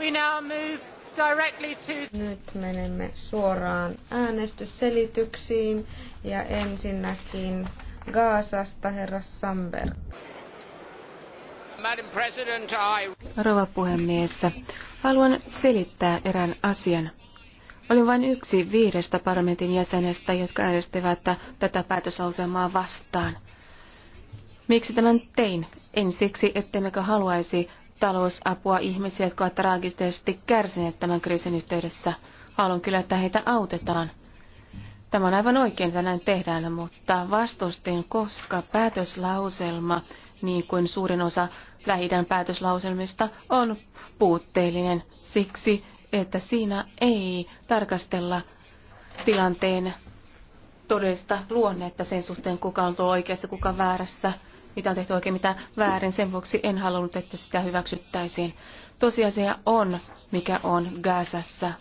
We now move directly to... Nyt menemme suoraan äänestysselityksiin ja ensinnäkin Gaasasta herra Samberg. Madam President, I... Rova puhemies, haluan selittää erään asian. Olin vain yksi viidestä parlamentin jäsenestä, jotka äänestivät tätä päätöslauselmaa vastaan. Miksi tämän tein? En siksi, ettemmekö haluaisi talousapua ihmisiä, jotka ovat traagisesti kärsineet tämän kriisin yhteydessä. Haluan kyllä, että heitä autetaan. Tämä on aivan oikein, että näin tehdään, mutta vastustin, koska päätöslauselma, niin kuin suurin osa lähi päätöslauselmista, on puutteellinen siksi, että siinä ei tarkastella tilanteen todellista luonnetta sen suhteen, kuka on tuo oikeassa, kuka väärässä – mitä on tehty oikein, mitä väärin. Sen vuoksi en halunnut, että sitä hyväksyttäisiin. Tosiasia on, mikä on Gazassa.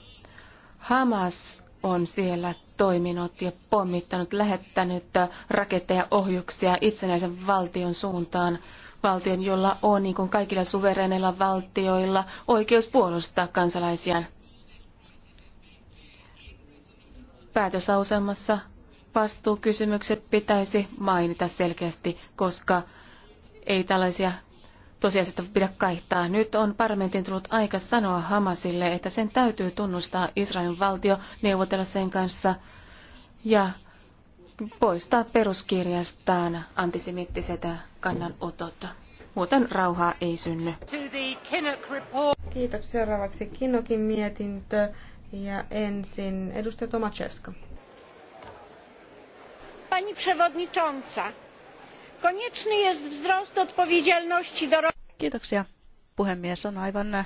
Hamas on siellä toiminut ja pommittanut, lähettänyt raketteja ohjuksia itsenäisen valtion suuntaan. Valtion, jolla on, niin kuin kaikilla suvereneilla valtioilla, oikeus puolustaa kansalaisiaan. Päätöslauselmassa vastuukysymykset pitäisi mainita selkeästi, koska ei tällaisia tosiasioita pidä kaihtaa. Nyt on parlamentin tullut aika sanoa Hamasille, että sen täytyy tunnustaa Israelin valtio, neuvotella sen kanssa ja poistaa peruskirjastaan antisemittiset kannanotot. Muuten rauhaa ei synny. Kiitos. Seuraavaksi Kinnokin mietintö ja ensin edustaja Tomaszewska pani przewodnicząca! konieczny jest wzrost odpowiedzialności Kiitoksia puhemies. On aivan eh,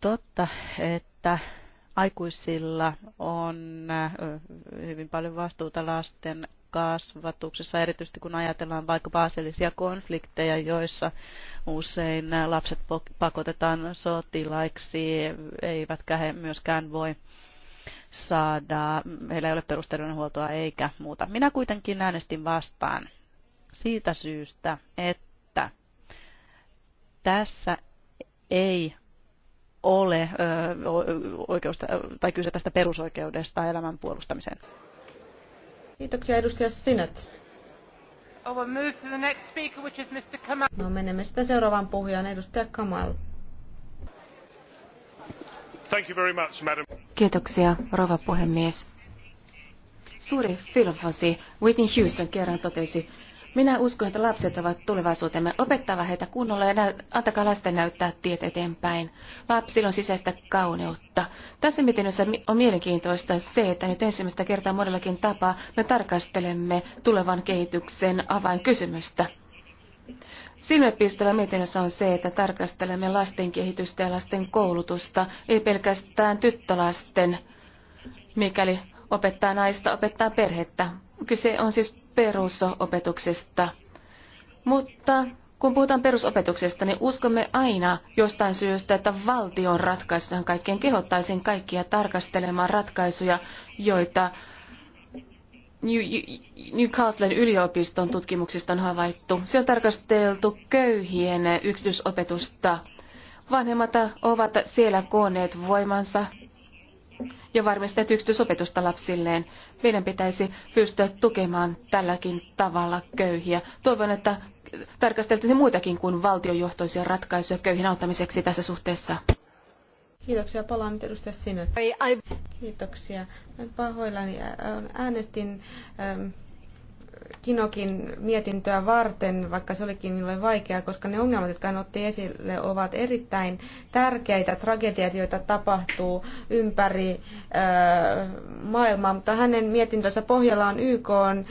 totta, että aikuisilla on eh, hyvin paljon vastuuta lasten kasvatuksessa, erityisesti kun ajatellaan vaikka aseellisia konflikteja, joissa usein lapset pakotetaan sotilaiksi, eivätkä he myöskään voi saada, heillä ei ole perusterveydenhuoltoa eikä muuta. Minä kuitenkin äänestin vastaan siitä syystä, että tässä ei ole oikeus, tai kyse tästä perusoikeudesta elämän puolustamiseen. Kiitoksia edustaja Sinet. No, menemme sitten seuraavaan puhujaan, edustaja Kamal. Kiitoksia, rouva puhemies. Suuri filosofi Whitney Houston kerran totesi, minä uskon, että lapset ovat tulevaisuutemme. Opettava heitä kunnolla ja näyt, antakaa lasten näyttää tiet eteenpäin. Lapsilla on sisäistä kauneutta. Tässä mietinnössä on mielenkiintoista se, että nyt ensimmäistä kertaa monellakin tapaa me tarkastelemme tulevan kehityksen avainkysymystä – Silmäpistävä mietinnössä on se, että tarkastelemme lasten kehitystä ja lasten koulutusta, ei pelkästään tyttölasten, mikäli opettaa naista, opettaa perhettä. Kyse on siis perusopetuksesta. Mutta kun puhutaan perusopetuksesta, niin uskomme aina jostain syystä, että valtion ratkaisuhan kaikkien kehottaisin kaikkia tarkastelemaan ratkaisuja, joita Newcastlen yliopiston tutkimuksista on havaittu. Se on tarkasteltu köyhien yksityisopetusta. Vanhemmat ovat siellä kooneet voimansa ja varmistaneet yksityisopetusta lapsilleen. Meidän pitäisi pystyä tukemaan tälläkin tavalla köyhiä. Toivon, että tarkasteltaisiin muitakin kuin valtiojohtoisia ratkaisuja köyhin auttamiseksi tässä suhteessa. Kiitoksia. Palaan nyt edustaja Sinne. Kiitoksia. Pahoillani äänestin ähm, Kinokin mietintöä varten, vaikka se olikin minulle vaikeaa, koska ne ongelmat, jotka hän otti esille, ovat erittäin tärkeitä tragediat, joita tapahtuu ympäri maailmaa. Mutta hänen mietintönsä pohjalla on YK on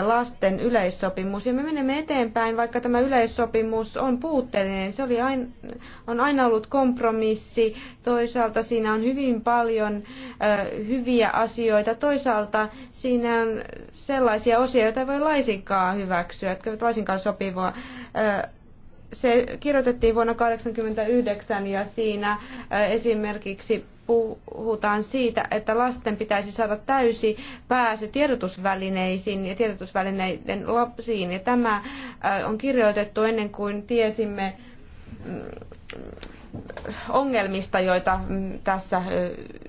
lasten yleissopimus. Ja me menemme eteenpäin, vaikka tämä yleissopimus on puutteellinen. Se oli aina, on aina ollut kompromissi. Toisaalta siinä on hyvin paljon hyviä asioita. Toisaalta Siinä on sellaisia osia, joita ei voi laisinkaan hyväksyä, jotka eivät laisinkaan sopivaa. Se kirjoitettiin vuonna 1989 ja siinä esimerkiksi puhutaan siitä, että lasten pitäisi saada täysi pääsy tiedotusvälineisiin ja tiedotusvälineiden lapsiin. Ja tämä on kirjoitettu ennen kuin tiesimme mm, ongelmista, joita mm, tässä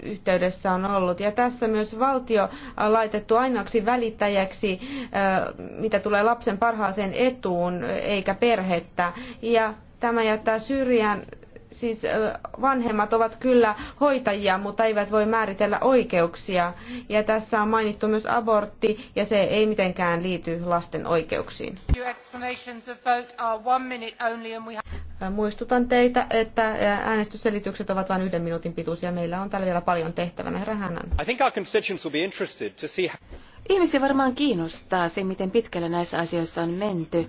yhteydessä on ollut. Ja tässä myös valtio on laitettu ainoaksi välittäjäksi, mitä tulee lapsen parhaaseen etuun, eikä perhettä. Ja tämä jättää syrjään siis vanhemmat ovat kyllä hoitajia, mutta eivät voi määritellä oikeuksia. Ja tässä on mainittu myös abortti, ja se ei mitenkään liity lasten oikeuksiin. Muistutan teitä, että äänestysselitykset ovat vain yhden minuutin pituisia. Meillä on täällä vielä paljon tehtävänä. Herra Hännän. Ihmisiä varmaan kiinnostaa se, miten pitkälle näissä asioissa on menty.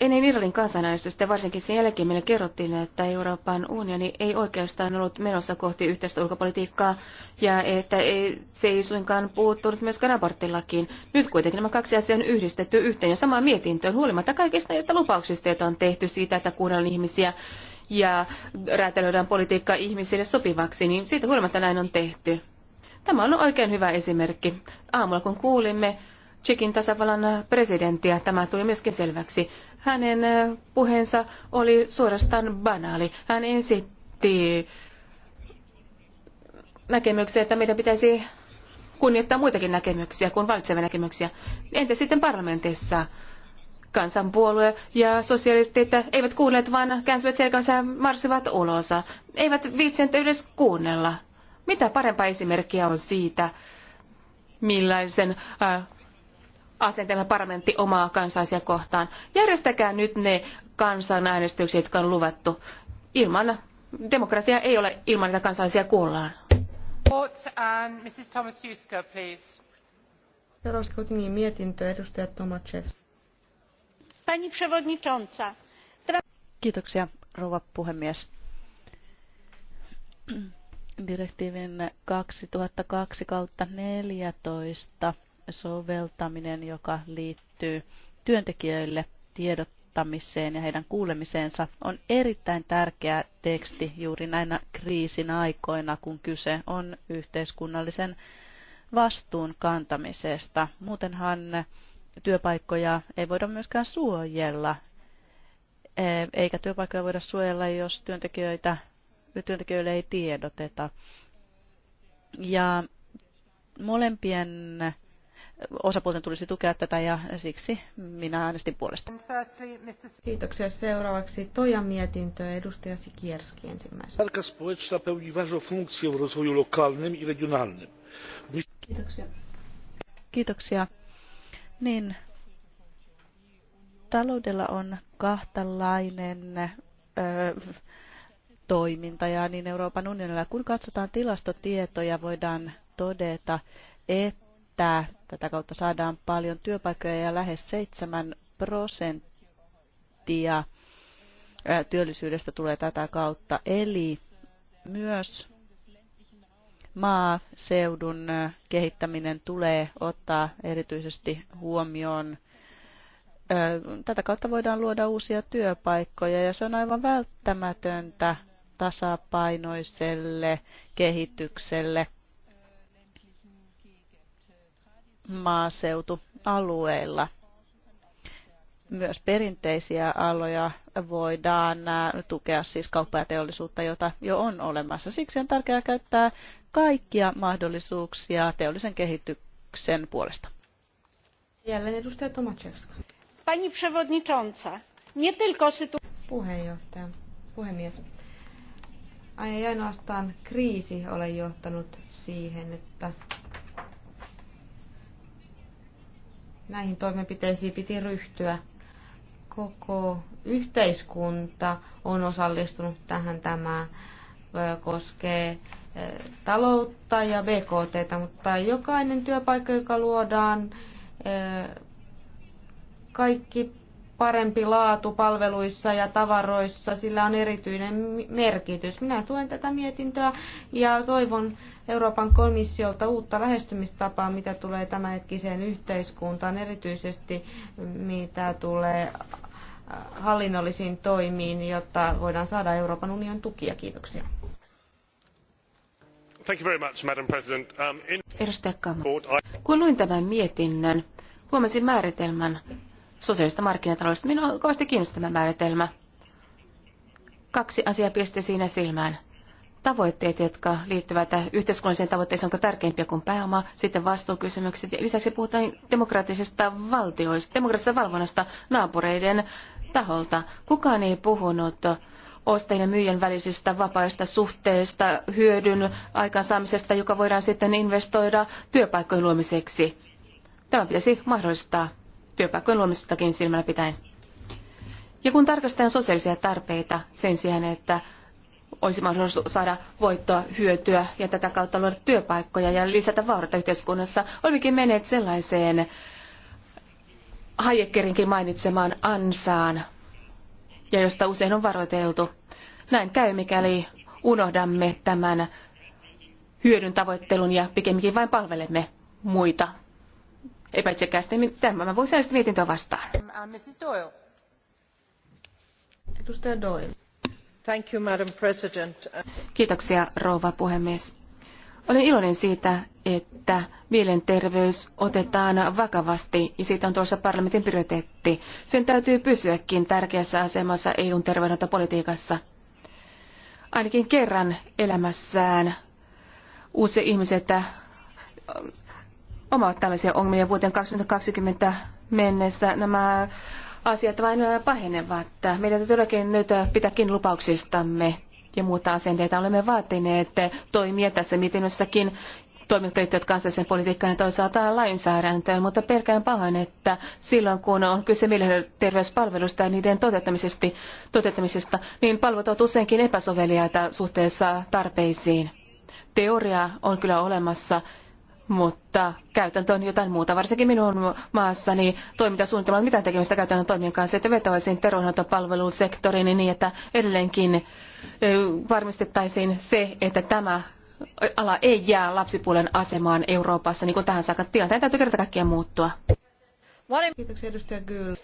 Ennen Irlannin kansanäänestystä varsinkin sen jälkeen meille kerrottiin, että Euroopan unioni ei oikeastaan ollut menossa kohti yhteistä ulkopolitiikkaa ja että ei, se ei suinkaan puuttunut myöskään aborttilakiin. Nyt kuitenkin nämä kaksi asiaa on yhdistetty yhteen ja samaan mietintöön huolimatta kaikista näistä lupauksista, joita on tehty siitä, että kuunnellaan ihmisiä ja räätälöidään politiikkaa ihmisille sopivaksi, niin siitä huolimatta näin on tehty. Tämä on oikein hyvä esimerkki. Aamulla kun kuulimme Tsekin tasavallan presidenttiä. Tämä tuli myöskin selväksi. Hänen puheensa oli suorastaan banaali. Hän esitti näkemyksiä, että meidän pitäisi kunnioittaa muitakin näkemyksiä kuin valitsevia näkemyksiä. Entä sitten parlamentissa? Kansanpuolue ja sosialistit eivät kuunneet, vaan käänsivät selkänsä ja marssivat ulos. Eivät viitsentä edes kuunnella. Mitä parempaa esimerkkiä on siitä, millaisen äh, asenteemme parlamentti omaa kansaisia kohtaan. Järjestäkää nyt ne kansanäänestykset, jotka on luvattu. Ilman demokratia ei ole ilman, että kansalaisia kuullaan. Roskotingin mietintö edustaja Tomachev. Pani przewodnicząca. Kiitoksia, rouva puhemies. Direktiivin 2002 kautta 14 soveltaminen, joka liittyy työntekijöille tiedottamiseen ja heidän kuulemiseensa, on erittäin tärkeä teksti juuri näinä kriisin aikoina, kun kyse on yhteiskunnallisen vastuun kantamisesta. Muutenhan työpaikkoja ei voida myöskään suojella, e, eikä työpaikkoja voida suojella, jos työntekijöitä, työntekijöille ei tiedoteta. Ja molempien osapuolten tulisi tukea tätä ja siksi minä äänestin puolesta. Kiitoksia. Seuraavaksi Toja mietintö edustaja Sikierski ensimmäisenä. społeczna pełni ważną funkcję w rozwoju lokalnym Kiitoksia. Kiitoksia. Niin, taloudella on kahtalainen ö, toiminta ja niin Euroopan unionilla. Kun katsotaan tilastotietoja, voidaan todeta, että lisää. tätä kautta saadaan paljon työpaikkoja ja lähes 7 prosenttia työllisyydestä tulee tätä kautta. Eli myös maaseudun kehittäminen tulee ottaa erityisesti huomioon. Tätä kautta voidaan luoda uusia työpaikkoja ja se on aivan välttämätöntä tasapainoiselle kehitykselle – maaseutualueilla. Myös perinteisiä aloja voidaan tukea siis kauppa- ja teollisuutta, jota jo on olemassa. Siksi on tärkeää käyttää kaikkia mahdollisuuksia teollisen kehityksen puolesta. Jälleen edustaja Tomaszewska. Pani przewodnicząca, nie tylko sytu- Puheenjohtaja, puhemies. Ei ainoastaan kriisi ole johtanut siihen, että näihin toimenpiteisiin piti ryhtyä. Koko yhteiskunta on osallistunut tähän. Tämä koskee taloutta ja BKT, mutta jokainen työpaikka, joka luodaan, kaikki parempi laatu palveluissa ja tavaroissa, sillä on erityinen merkitys. Minä tuen tätä mietintöä ja toivon Euroopan komissiolta uutta lähestymistapaa, mitä tulee tämänhetkiseen yhteiskuntaan, erityisesti mitä tulee hallinnollisiin toimiin, jotta voidaan saada Euroopan unionin tukia. Kiitoksia. Thank you very much, Madam President. Um, in... kun luin tämän mietinnön, huomasin määritelmän sosiaalista markkinataloudesta. Minua kovasti kiinnostava tämä määritelmä. Kaksi asiaa pisti siinä silmään. Tavoitteet, jotka liittyvät yhteiskunnalliseen tavoitteeseen, onko tärkeimpiä kuin pääoma, sitten vastuukysymykset. Ja lisäksi puhutaan demokraattisesta valtioista, demokraattisesta valvonnasta naapureiden taholta. Kukaan ei puhunut ostajien ja myyjän välisistä vapaista suhteista, hyödyn aikaansaamisesta, joka voidaan sitten investoida työpaikkojen luomiseksi. Tämä pitäisi mahdollistaa työpaikkojen luomistakin silmällä pitäen. Ja kun tarkastetaan sosiaalisia tarpeita sen sijaan, että olisi mahdollisuus saada voittoa, hyötyä ja tätä kautta luoda työpaikkoja ja lisätä vaurata yhteiskunnassa, olimmekin menneet sellaiseen Hayekkerinkin mainitsemaan ansaan, ja josta usein on varoiteltu. Näin käy, mikäli unohdamme tämän hyödyn tavoittelun ja pikemminkin vain palvelemme muita epäitsekästä, niin tämä voisin äänestää mietintöä vastaan. Um, uh, Mrs. Doyle. Edustaja Doyle. Thank you, Madam President. Kiitoksia, rouva puhemies. Olen iloinen siitä, että mielenterveys otetaan vakavasti ja siitä on tuossa parlamentin prioriteetti. Sen täytyy pysyäkin tärkeässä asemassa EUn terveydenhoitopolitiikassa. Ainakin kerran elämässään uusi ihmiset omaa tällaisia ongelmia vuoteen 2020 mennessä. Nämä asiat vain pahenevat. Meidän todellakin nyt pitääkin lupauksistamme ja muuta asenteita. Olemme vaatineet toimia tässä mietinnössäkin toimitko liittyvät kansalliseen politiikkaan ja toisaalta lainsäädäntöön, mutta pelkään pahoin, että silloin kun on kyse mielenterveyspalveluista ja niiden toteuttamisesta niin palvelut ovat useinkin epäsoveliaita suhteessa tarpeisiin. Teoria on kyllä olemassa mutta käytäntö on jotain muuta. Varsinkin minun maassani toimintasuunnitelma on mitään tekemistä käytännön toimien kanssa, että vetoaisin terveydenhoitopalvelusektoriin niin, että edelleenkin varmistettaisiin se, että tämä ala ei jää lapsipuolen asemaan Euroopassa, niin kuin tähän saakka tilanteen täytyy kerta kaikkiaan muuttua. Kiitoksia edustaja Gyl.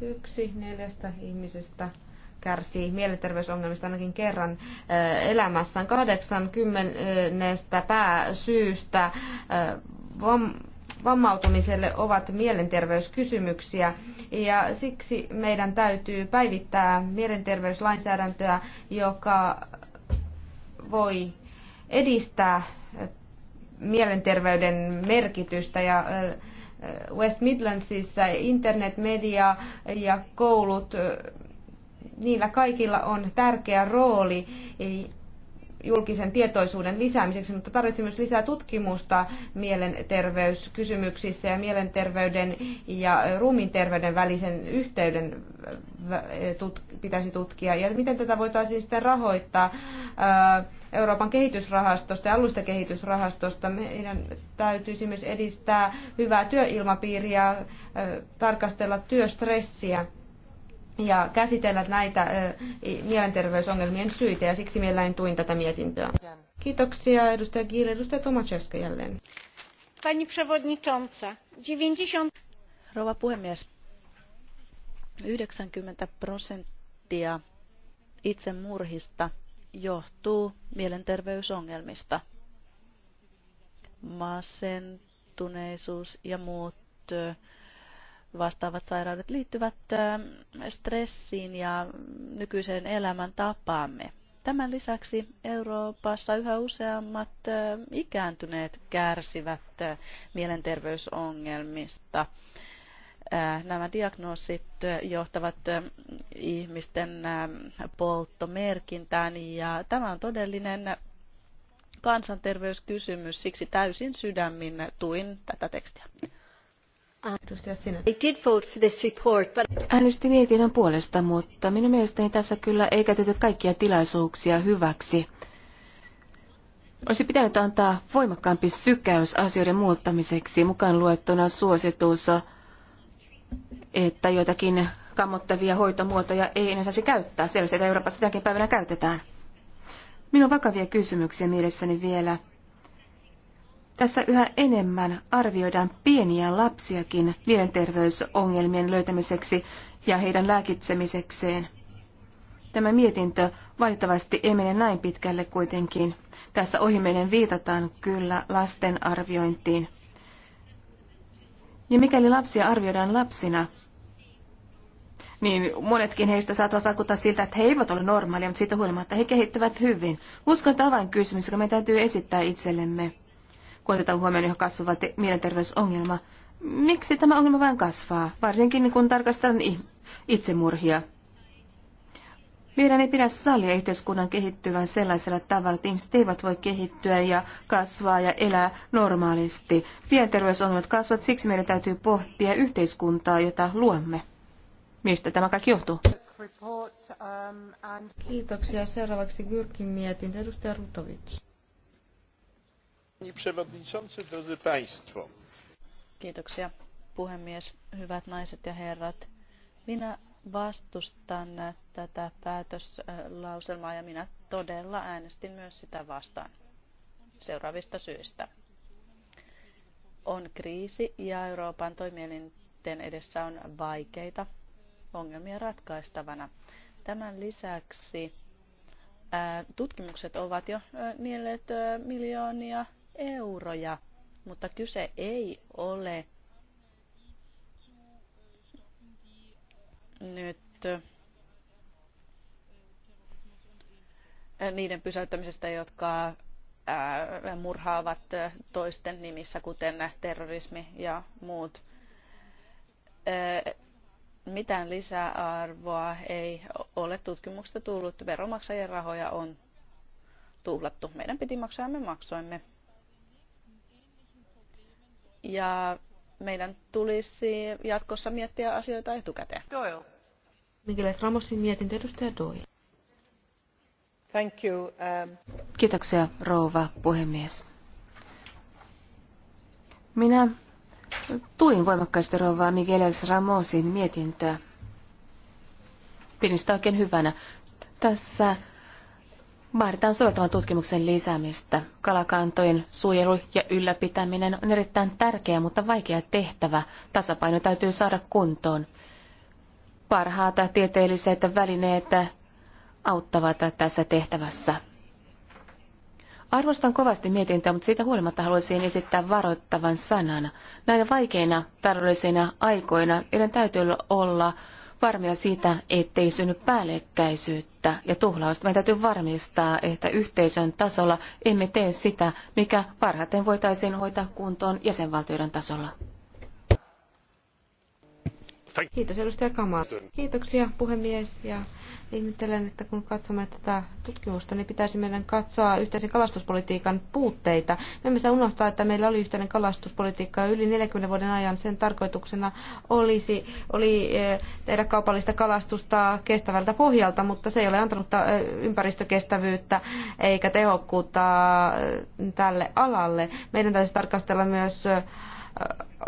Yksi neljästä ihmisestä kärsii mielenterveysongelmista ainakin kerran elämässään. 80 pääsyystä vammautumiselle ovat mielenterveyskysymyksiä ja siksi meidän täytyy päivittää mielenterveyslainsäädäntöä, joka voi edistää mielenterveyden merkitystä ja West Midlandsissa internetmedia ja koulut niillä kaikilla on tärkeä rooli e, julkisen tietoisuuden lisäämiseksi, mutta tarvitsee myös lisää tutkimusta mielenterveyskysymyksissä ja mielenterveyden ja ruumiin terveyden välisen yhteyden e, pitäisi tutkia. Ja miten tätä voitaisiin sitten rahoittaa Euroopan kehitysrahastosta ja alusta kehitysrahastosta. Meidän täytyisi myös edistää hyvää työilmapiiriä, tarkastella työstressiä ja käsitellä näitä mielenterveysongelmien syitä ja siksi meillä en tuin tätä mietintöä. Kiitoksia edustaja Kiil, edustaja Tomaszewska jälleen. Pani przewodnicząca, 90... Rova puhemies, 90 prosenttia itsemurhista johtuu mielenterveysongelmista. Masentuneisuus ja muut vastaavat sairaudet liittyvät ähm, stressiin ja nykyiseen elämäntapaamme. Tämän lisäksi Euroopassa yhä useammat äh, ikääntyneet kärsivät äh, mielenterveysongelmista. Äh, nämä diagnoosit johtavat ihmisten polttomerkintään ja tämä on todellinen kansanterveyskysymys, siksi täysin sydämin tuin tätä tekstiä. Äänestin mietinnön puolesta, mutta minun mielestäni tässä kyllä ei käytetä kaikkia tilaisuuksia hyväksi. Olisi pitänyt antaa voimakkaampi sykäys asioiden muuttamiseksi, mukaan luettuna suositus, että joitakin kammottavia hoitomuotoja ei enää saisi käyttää, sellaisia Euroopassa tänäkin päivänä käytetään. Minun on vakavia kysymyksiä mielessäni vielä tässä yhä enemmän arvioidaan pieniä lapsiakin mielenterveysongelmien löytämiseksi ja heidän lääkitsemisekseen. Tämä mietintö valitettavasti ei mene näin pitkälle kuitenkin. Tässä ohimennen viitataan kyllä lasten arviointiin. Ja mikäli lapsia arvioidaan lapsina, niin monetkin heistä saattavat vaikuttaa siltä, että he eivät ole normaalia, mutta siitä huolimatta he kehittyvät hyvin. Uskon, tavan kysymys, joka me täytyy esittää itsellemme, kun otetaan huomioon jo kasvava te- mielenterveysongelma. Miksi tämä ongelma vain kasvaa, varsinkin niin kun tarkastellaan itsemurhia? Meidän ei pidä sallia yhteiskunnan kehittyvän sellaisella tavalla, että ihmiset eivät voi kehittyä ja kasvaa ja elää normaalisti. Mielenterveysongelmat kasvavat, siksi meidän täytyy pohtia yhteiskuntaa, jota luomme. Mistä tämä kaikki johtuu? Kiitoksia. Seuraavaksi Gyrkin mietintö. Edustaja Rutovic. Kiitoksia puhemies, hyvät naiset ja herrat. Minä vastustan tätä päätöslauselmaa ja minä todella äänestin myös sitä vastaan seuraavista syistä. On kriisi ja Euroopan toimielinten edessä on vaikeita ongelmia ratkaistavana. Tämän lisäksi tutkimukset ovat jo nielleet miljoonia euroja, mutta kyse ei ole nyt niiden pysäyttämisestä, jotka murhaavat toisten nimissä, kuten terrorismi ja muut. Mitään lisäarvoa ei ole tutkimuksesta tullut. Veromaksajien rahoja on tuhlattu. Meidän piti maksaa me maksoimme ja meidän tulisi jatkossa miettiä asioita etukäteen. Doyle. Miguel Ramosin mietintö edustaja Doyle. Thank you. Um... Kiitoksia rouva puhemies. Minä tuin voimakkaasti rouvaa Miguel Ramosin mietintöä. Pidin sitä oikein hyvänä. Tässä Vaaditaan soveltavan tutkimuksen lisäämistä. Kalakantojen suojelu ja ylläpitäminen on erittäin tärkeä, mutta vaikea tehtävä. Tasapaino täytyy saada kuntoon. Parhaat tieteelliset välineet auttavat tässä tehtävässä. Arvostan kovasti mietintöä, mutta siitä huolimatta haluaisin esittää varoittavan sanan. Näinä vaikeina taloudellisina aikoina meidän täytyy olla varmoja siitä, ettei synny päällekkäisyyttä ja tuhlausta. Meidän täytyy varmistaa, että yhteisön tasolla emme tee sitä, mikä parhaiten voitaisiin hoitaa kuntoon jäsenvaltioiden tasolla. Kiitos edustaja Kamal. Kiitoksia puhemies ja ihmettelen, että kun katsomme tätä tutkimusta, niin pitäisi meidän katsoa yhteisen kalastuspolitiikan puutteita. Me emme saa unohtaa, että meillä oli yhteinen kalastuspolitiikka yli 40 vuoden ajan. Sen tarkoituksena olisi, oli eh, tehdä kaupallista kalastusta kestävältä pohjalta, mutta se ei ole antanut eh, ympäristökestävyyttä eikä tehokkuutta eh, tälle alalle. Meidän täytyy tarkastella myös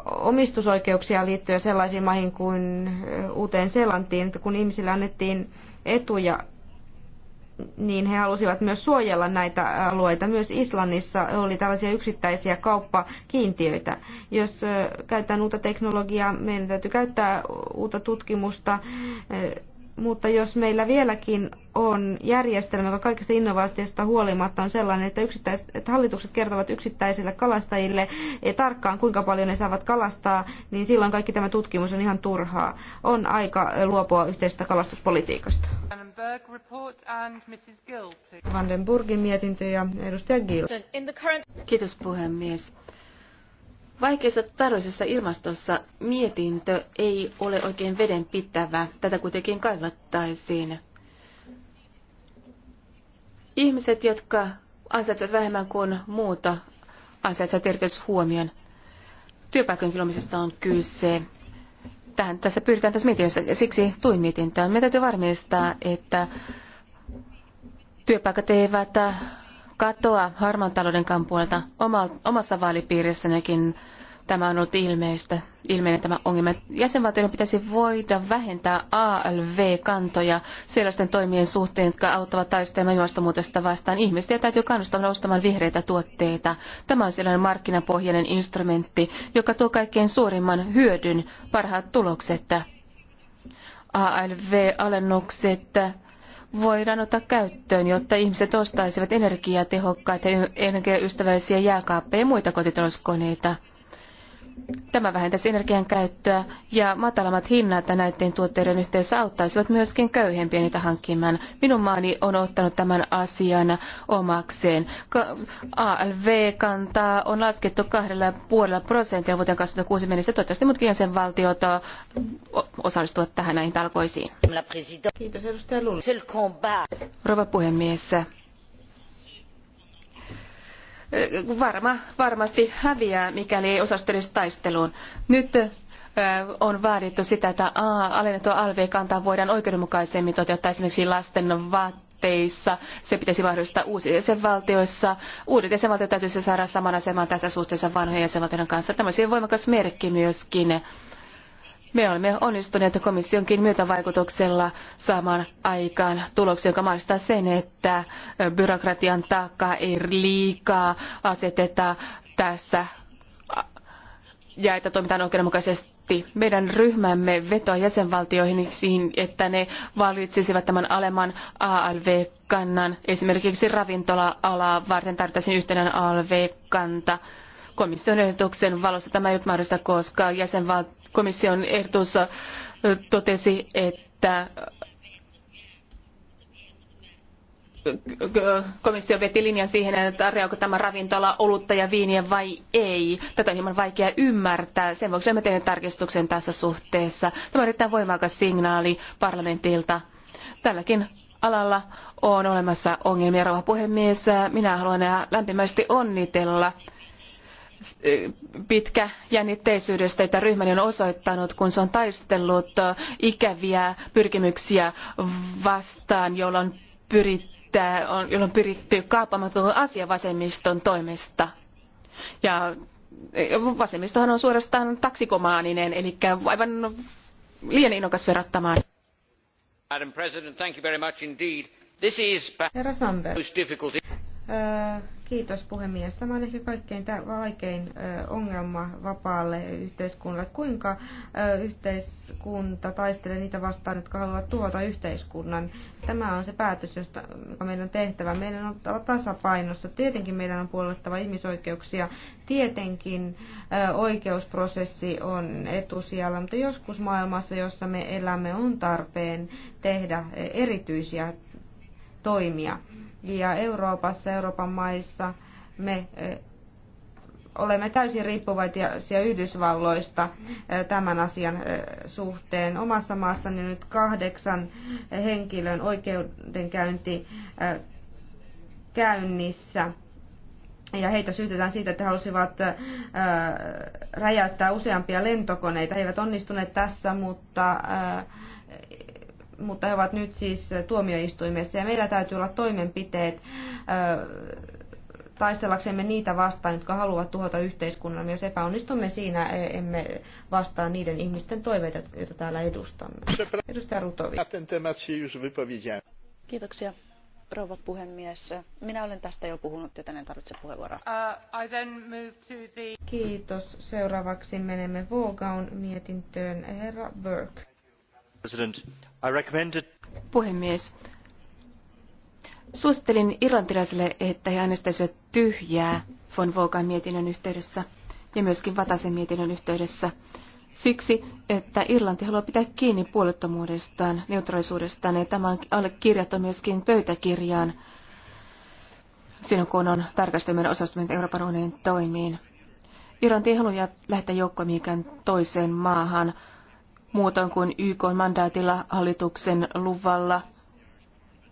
omistusoikeuksia liittyen sellaisiin maihin kuin Uuteen Seelantiin, että kun ihmisille annettiin etuja, niin he halusivat myös suojella näitä alueita. Myös Islannissa oli tällaisia yksittäisiä kauppakiintiöitä. Jos käytetään uutta teknologiaa, meidän täytyy käyttää uutta tutkimusta, mutta jos meillä vieläkin on järjestelmä, joka kaikista innovaatiosta huolimatta on sellainen, että, että hallitukset kertovat yksittäisille kalastajille eh, tarkkaan, kuinka paljon ne saavat kalastaa, niin silloin kaikki tämä tutkimus on ihan turhaa. On aika eh, luopua yhteisestä kalastuspolitiikasta. Vandenburgin mietintö ja edustaja Gill. Kiitos puhemies Vaikeassa taloudellisessa ilmastossa mietintö ei ole oikein vedenpitävä. Tätä kuitenkin kaivattaisiin. Ihmiset, jotka ansaitsevat vähemmän kuin muuta, ansaitsevat huomion. Työpaikan kilomisesta on kyse. Tähän, tässä pyritään tässä mietinnössä, siksi tuin mietintöön. Meidän täytyy varmistaa, että työpaikat eivät katoa harmaan talouden puolelta omassa vaalipiirissänikin tämä on ollut ilmeistä, ilmeinen tämä ongelma. Jäsenvaltioiden pitäisi voida vähentää ALV-kantoja sellaisten toimien suhteen, jotka auttavat taistelemaan ilmastonmuutosta vastaan. Ihmisiä täytyy kannustaa ostamaan vihreitä tuotteita. Tämä on sellainen markkinapohjainen instrumentti, joka tuo kaikkein suurimman hyödyn, parhaat tulokset. ALV-alennukset voidaan ottaa käyttöön, jotta ihmiset ostaisivat energiatehokkaita ja energiaystävällisiä jääkaappeja ja muita kotitalouskoneita. Tämä vähentäisi energian käyttöä ja matalammat hinnat näiden tuotteiden yhteydessä auttaisivat myöskin köyhempiä niitä hankkimaan. Minun maani on ottanut tämän asian omakseen. ALV-kantaa on laskettu kahdella puolella prosentilla vuoteen 2006 mennessä. Toivottavasti muutkin jäsenvaltiot osallistuvat tähän näihin talkoisiin. Kiitos edustaja Rouva puhemies, Äh, varma, varmasti häviää, mikäli ei osallistuisi taisteluun. Nyt äh, on vaadittu sitä, että alennettua alv-kantaa voidaan oikeudenmukaisemmin toteuttaa esimerkiksi lasten vaatteissa. Se pitäisi mahdollistaa uusissa jäsenvaltioissa. Uudet jäsenvaltiot täytyisi saada saman asemaan tässä suhteessa vanhojen jäsenvaltioiden kanssa. Tämä olisi voimakas merkki myöskin me olemme onnistuneet komissionkin myötävaikutuksella saamaan aikaan tuloksen, joka mahdollistaa sen, että byrokratian taakkaa ei liikaa aseteta tässä ja että toimitaan oikeudenmukaisesti meidän ryhmämme vetoa jäsenvaltioihin siihen, että ne valitsisivat tämän alemman ALV-kannan. Esimerkiksi ravintola-alaa varten tarvittaisiin yhtenäinen ALV-kanta. Komission ehdotuksen valossa tämä ei ollut mahdollista, koska jäsenval- komission ehdotus totesi, että komissio veti linjan siihen, että tarjoako tämä ravintola olutta ja viiniä vai ei. Tätä on hieman vaikea ymmärtää. Sen vuoksi olemme tehneet tarkistuksen tässä suhteessa. Tämä on erittäin voimakas signaali parlamentilta. Tälläkin alalla on olemassa ongelmia, rouva puhemies. Minä haluan lämpimästi onnitella pitkä jännitteisyydestä, että ryhmäni on osoittanut, kun se on taistellut ikäviä pyrkimyksiä vastaan, joilla on pyritty pyritty kaapamaan koko asia vasemmiston toimesta. Ja vasemmistohan on suorastaan taksikomaaninen, eli aivan liian innokas verrattamaan. Herra Sandberg, Kiitos puhemies. Tämä on ehkä kaikkein vaikein ongelma vapaalle yhteiskunnalle. Kuinka yhteiskunta taistelee niitä vastaan, jotka haluavat tuota yhteiskunnan? Tämä on se päätös, josta, meidän on tehtävä. Meidän on oltava tasapainossa. Tietenkin meidän on puolettava ihmisoikeuksia. Tietenkin oikeusprosessi on etusijalla, mutta joskus maailmassa, jossa me elämme, on tarpeen tehdä erityisiä toimia ja Euroopassa, Euroopan maissa me eh, olemme täysin riippuvaisia Yhdysvalloista eh, tämän asian eh, suhteen. Omassa maassani nyt kahdeksan henkilön oikeudenkäynti käynnissä. Ja heitä syytetään siitä, että he halusivat räjäyttää useampia lentokoneita. He eivät onnistuneet tässä, mutta mutta he ovat nyt siis tuomioistuimessa ja meillä täytyy olla toimenpiteet äh, taistellaksemme niitä vastaan, jotka haluavat tuhota yhteiskunnan. Jos epäonnistumme siinä, e, emme vastaa niiden ihmisten toiveita, joita täällä edustamme. Edustaja Rutovi. Kiitoksia, rouva puhemies. Minä olen tästä jo puhunut, joten en tarvitse puheenvuoroa. Uh, the... Kiitos. Seuraavaksi menemme Vogaun mietintöön. Herra Burke. Puhemies, suosittelin irlantilaisille, että he äänestäisivät tyhjää von Vogan mietinnön yhteydessä ja myöskin Vataisen mietinnön yhteydessä. Siksi, että Irlanti haluaa pitää kiinni puolettomuudestaan, neutraalisuudestaan ja tämä on allekirjattu myöskin pöytäkirjaan silloin, kun on tarkastelmien osastuminen Euroopan unionin toimiin. Irlanti ei halua lähteä joukkoon mihinkään toiseen maahan, muutoin kuin YK mandaatilla hallituksen luvalla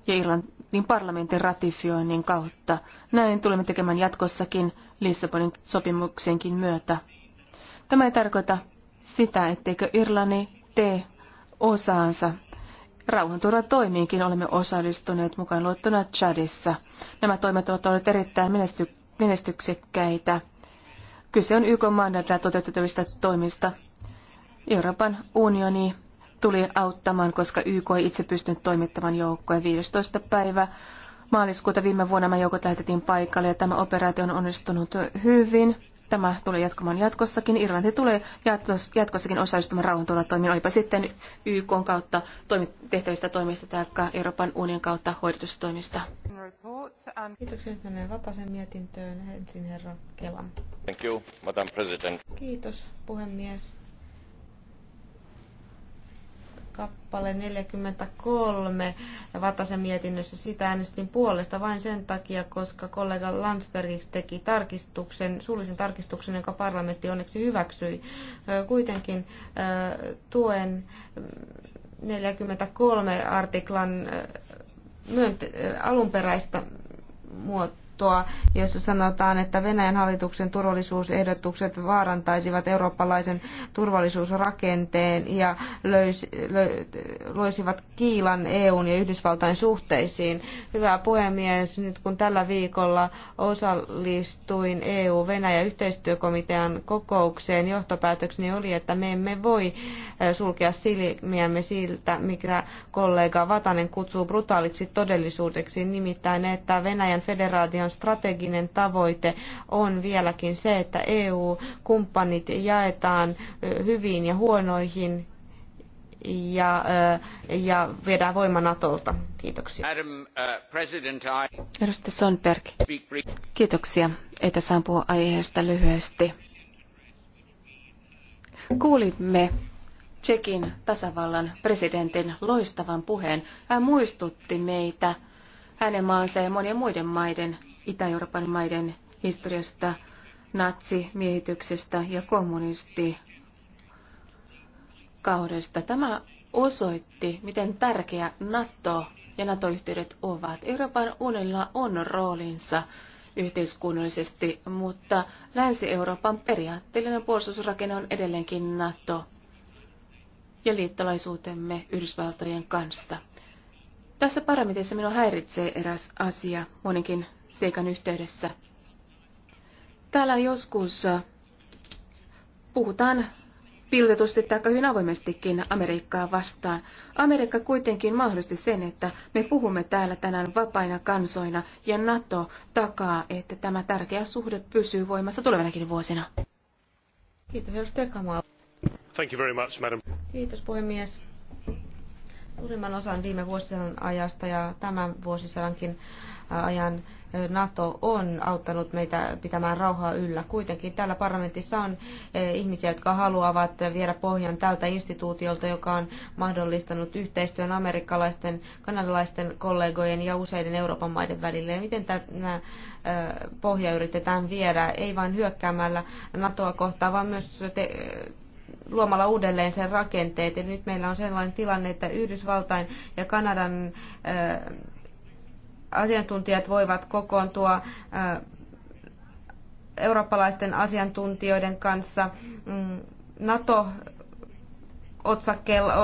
ja Irlannin parlamentin ratifioinnin kautta. Näin tulemme tekemään jatkossakin Lissabonin sopimuksenkin myötä. Tämä ei tarkoita sitä, etteikö Irlanti tee osaansa. Rauhanturvatoimiinkin olemme osallistuneet mukaan luettuna Chadissa. Nämä toimet ovat olleet erittäin menesty- menestyksekkäitä. Kyse on YK mandaatilla toteutettavista toimista, Euroopan unioni tuli auttamaan, koska YK ei itse pystynyt toimittamaan joukkoja 15. päivä maaliskuuta viime vuonna nämä joukot lähetettiin paikalle ja tämä operaatio on onnistunut hyvin. Tämä tulee jatkumaan jatkossakin. Irlanti tulee jatkossakin osallistumaan rauhanturvatoimiin, olipa sitten YK kautta tehtävistä toimista tai Euroopan unionin kautta hoidetusta toimista. Kiitoksia. Nyt menee vapaaseen mietintöön. Ensin herra Kela. Thank you, Madam President. Kiitos, puhemies kappale 43 Vatasen mietinnössä. Sitä äänestin puolesta vain sen takia, koska kollega Landsbergis teki tarkistuksen, suullisen tarkistuksen, jonka parlamentti onneksi hyväksyi. Kuitenkin tuen 43 mm, artiklan myönte- alunperäistä muotoa kannanottoa, jossa sanotaan, että Venäjän hallituksen turvallisuusehdotukset vaarantaisivat eurooppalaisen turvallisuusrakenteen ja löys, lö, loisivat kiilan EUn ja Yhdysvaltain suhteisiin. Hyvä puhemies, nyt kun tällä viikolla osallistuin EU-Venäjä-yhteistyökomitean kokoukseen, johtopäätökseni oli, että me emme voi sulkea silmiämme siltä, mikä kollega Vatanen kutsuu brutaaliksi todellisuudeksi, nimittäin että Venäjän federaation union strateginen tavoite on vieläkin se, että EU-kumppanit jaetaan hyviin ja huonoihin ja, ja viedään voima Natolta. Kiitoksia. Madam, uh, I... Kiitoksia, että saan puhua aiheesta lyhyesti. Kuulimme Tsekin tasavallan presidentin loistavan puheen. Hän muistutti meitä hänen maansa ja monien muiden maiden Itä-Euroopan maiden historiasta, natsimiehityksestä ja kommunistikaudesta. Tämä osoitti, miten tärkeä NATO ja NATO-yhteydet ovat. Euroopan unionilla on roolinsa yhteiskunnallisesti, mutta Länsi-Euroopan periaatteellinen puolustusrakenne on edelleenkin NATO ja liittolaisuutemme Yhdysvaltojen kanssa. Tässä parametissa minua häiritsee eräs asia moninkin seikan yhteydessä. Täällä joskus puhutaan piilotetusti tai hyvin avoimestikin Amerikkaa vastaan. Amerikka kuitenkin mahdollisti sen, että me puhumme täällä tänään vapaina kansoina ja NATO takaa, että tämä tärkeä suhde pysyy voimassa tulevinakin vuosina. Kiitos, Thank you very much, madam. Kiitos, puhemies suurimman osan viime vuosisadan ajasta ja tämän vuosisadankin ajan NATO on auttanut meitä pitämään rauhaa yllä. Kuitenkin täällä parlamentissa on ihmisiä, jotka haluavat viedä pohjan tältä instituutiolta, joka on mahdollistanut yhteistyön amerikkalaisten, kanadalaisten kollegojen ja useiden Euroopan maiden välillä. Ja miten tämä pohja yritetään viedä, ei vain hyökkäämällä NATOa kohtaan, vaan myös te- luomalla uudelleen sen rakenteet. Ja nyt meillä on sellainen tilanne, että Yhdysvaltain ja Kanadan äh, asiantuntijat voivat kokoontua äh, eurooppalaisten asiantuntijoiden kanssa. Mm, NATO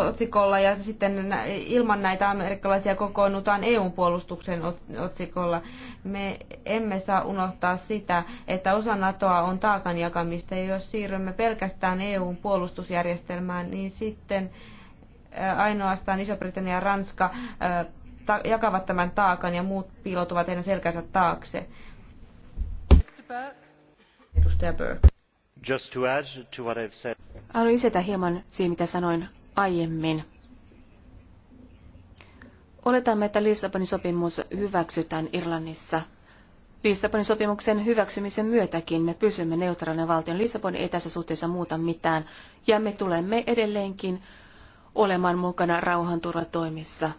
otsikolla ja sitten ilman näitä amerikkalaisia kokoonnutaan EUn puolustuksen otsikolla. Me emme saa unohtaa sitä, että osa NATOa on taakan jakamista ja jos siirrymme pelkästään EUn puolustusjärjestelmään, niin sitten äh, ainoastaan Iso-Britannia ja Ranska äh, jakavat tämän taakan ja muut piiloutuvat heidän selkänsä taakse. Edustaja Burke. Haluan lisätä hieman siihen, mitä sanoin aiemmin. Oletamme, että Lissabonin sopimus hyväksytään Irlannissa. Lissabonin sopimuksen hyväksymisen myötäkin me pysymme neutraalinen valtion. Lissabon ei tässä suhteessa muuta mitään, ja me tulemme edelleenkin olemaan mukana rauhanturvatoimissa,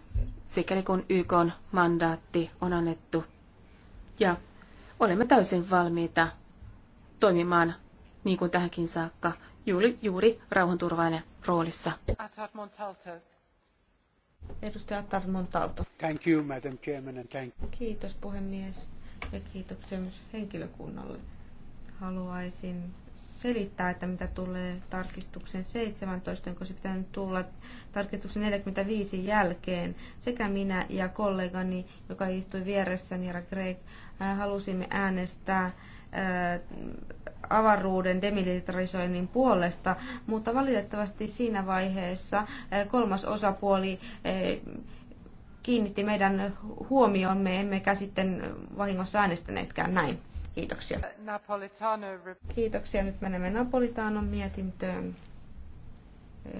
sikäli kun YK on mandaatti on annettu. Ja olemme täysin valmiita toimimaan niin kuin tähänkin saakka, juuri, juuri rauhanturvainen roolissa. Edustaja Tarmontalto. Thank you, Madam Chairman, and thank you. Kiitos puhemies ja kiitoksia myös henkilökunnalle. Haluaisin selittää, että mitä tulee tarkistuksen 17, kun se pitää nyt tulla tarkistuksen 45 jälkeen. Sekä minä ja kollegani, joka istui vieressäni, Nira Greg, äh, halusimme äänestää Äh, avaruuden demilitarisoinnin puolesta, mutta valitettavasti siinä vaiheessa äh, kolmas osapuoli äh, kiinnitti meidän huomiomme, emmekä sitten vahingossa äänestäneetkään näin. Kiitoksia. Napolitano. Kiitoksia. Nyt menemme Napolitanon mietintöön.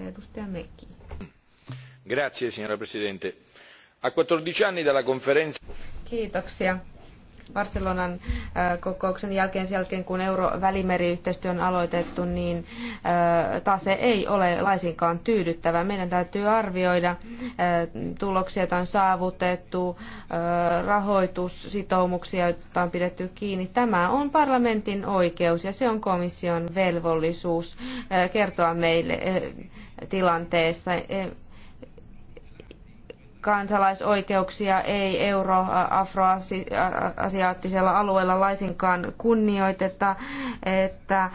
Edustaja Mekki. Grazie, signora Presidente. A 14 anni dalla conferenza... Kiitoksia. Barcelonan äh, kokouksen jälkeen, sen jälkeen kun eurovälimeriyhteistyö on aloitettu, niin äh, tase ei ole laisinkaan tyydyttävä. Meidän täytyy arvioida äh, tuloksia, joita on saavutettu, rahoitussitoumuksia, joita on pidetty kiinni. Tämä on parlamentin oikeus ja se on komission velvollisuus kertoa meille tilanteessa kansalaisoikeuksia ei euroafroasiaattisella alueella laisinkaan kunnioiteta, että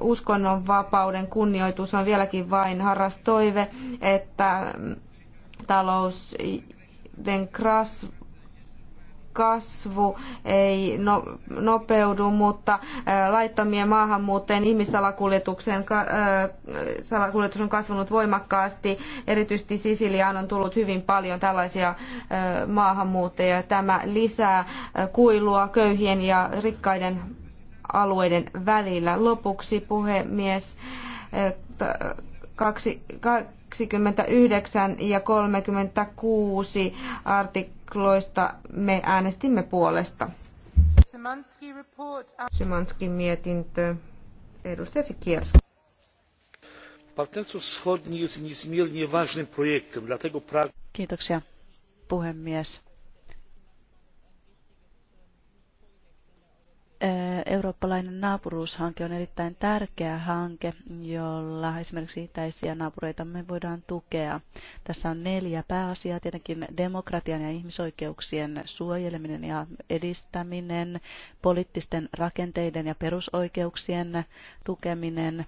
uskonnonvapauden kunnioitus on vieläkin vain harras toive, että mm, talous kasvu kasvu ei no, nopeudu, mutta laittomien maahanmuuttajien ihmissalakuljetuksen salakuljetus on kasvanut voimakkaasti. Erityisesti Sisiliaan on tullut hyvin paljon tällaisia maahanmuuttajia. Tämä lisää kuilua köyhien ja rikkaiden alueiden välillä. Lopuksi puhemies kaksi, ka 29 ja 36 artikloista me äänestimme puolesta. Szymanskin mietintö. Edustaja Sikierski. Partnerstwo Wschodnie jest niezmiernie ważnym projektem, dlatego Kiitoksia, puhemies. Eurooppalainen naapuruushanke on erittäin tärkeä hanke, jolla esimerkiksi itäisiä me voidaan tukea. Tässä on neljä pääasiaa, tietenkin demokratian ja ihmisoikeuksien suojeleminen ja edistäminen, poliittisten rakenteiden ja perusoikeuksien tukeminen,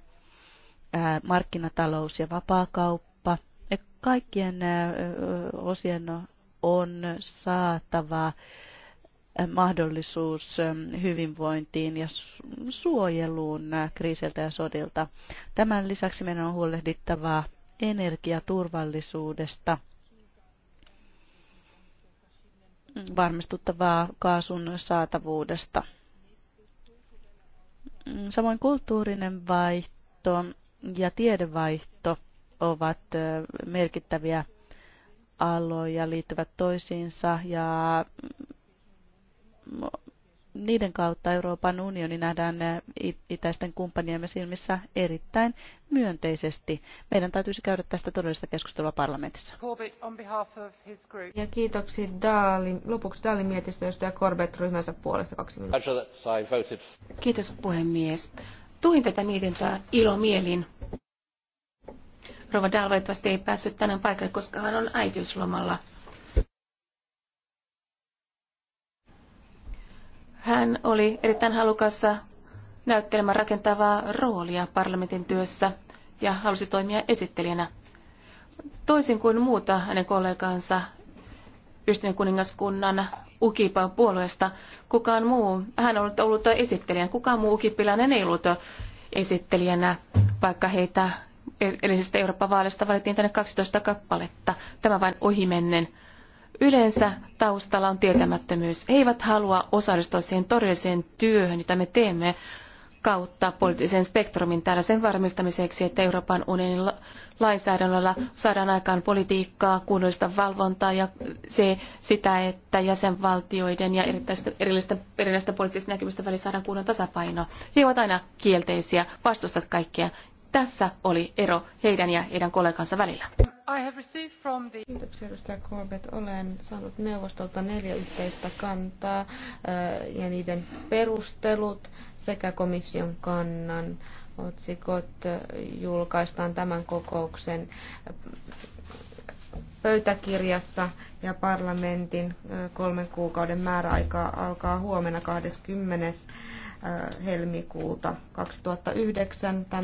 markkinatalous ja vapaakauppa. Kaikkien osien on saatava Eh, mahdollisuus eh, hyvinvointiin ja suojeluun eh, kriiseltä ja sodilta. Tämän lisäksi meidän on huolehdittavaa energiaturvallisuudesta, varmistuttavaa kaasun saatavuudesta. Mm, samoin kulttuurinen vaihto ja tiedevaihto ovat merkittäviä aloja, liittyvät toisiinsa ja mm, niiden kautta Euroopan unioni nähdään eh, itäisten kumppaniemme silmissä erittäin myönteisesti. Meidän täytyisi käydä tästä todellista keskustelua parlamentissa. Ja kiitoksia Daali. Lopuksi Daalin mietistö, ja Corbett ryhmänsä puolesta kaksi minuuttia. Kiitos puhemies. Tuin tätä mietintöä ilomielin. Rova Daal valitettavasti ei päässyt tänään paikalle, koska hän on äitiyslomalla. Hän oli erittäin halukassa näyttelemään rakentavaa roolia parlamentin työssä ja halusi toimia esittelijänä. Toisin kuin muuta hänen kollegaansa Yhdistyneen kuningaskunnan ukipa puolueesta, kukaan muu, hän on ollut esittelijänä, kukaan muu Ukipilainen ei ollut esittelijänä, vaikka heitä e-, edellisestä Euroopan vaalista valittiin tänne 12 kappaletta. Tämä vain ohimennen. Yleensä taustalla on tietämättömyys. He eivät halua osallistua siihen todelliseen työhön, jota me teemme kautta poliittisen spektrumin täällä sen varmistamiseksi, että Euroopan unionin lainsäädännöllä saadaan aikaan politiikkaa, kunnollista valvontaa ja se, sitä, että jäsenvaltioiden ja erillistä, erillistä poliittisten näkemysten välissä saadaan kunnon tasapaino. He ovat aina kielteisiä, vastustat kaikkea. Tässä oli ero heidän ja heidän kollegansa välillä. I have Kiitoksia edustaja Corbett. Olen saanut neuvostolta neljä yhteistä kantaa äh, ja niiden perustelut sekä komission kannan otsikot äh, julkaistaan tämän kokouksen äh, pöytäkirjassa ja parlamentin kolmen kuukauden määräaika alkaa huomenna 20. helmikuuta 2009.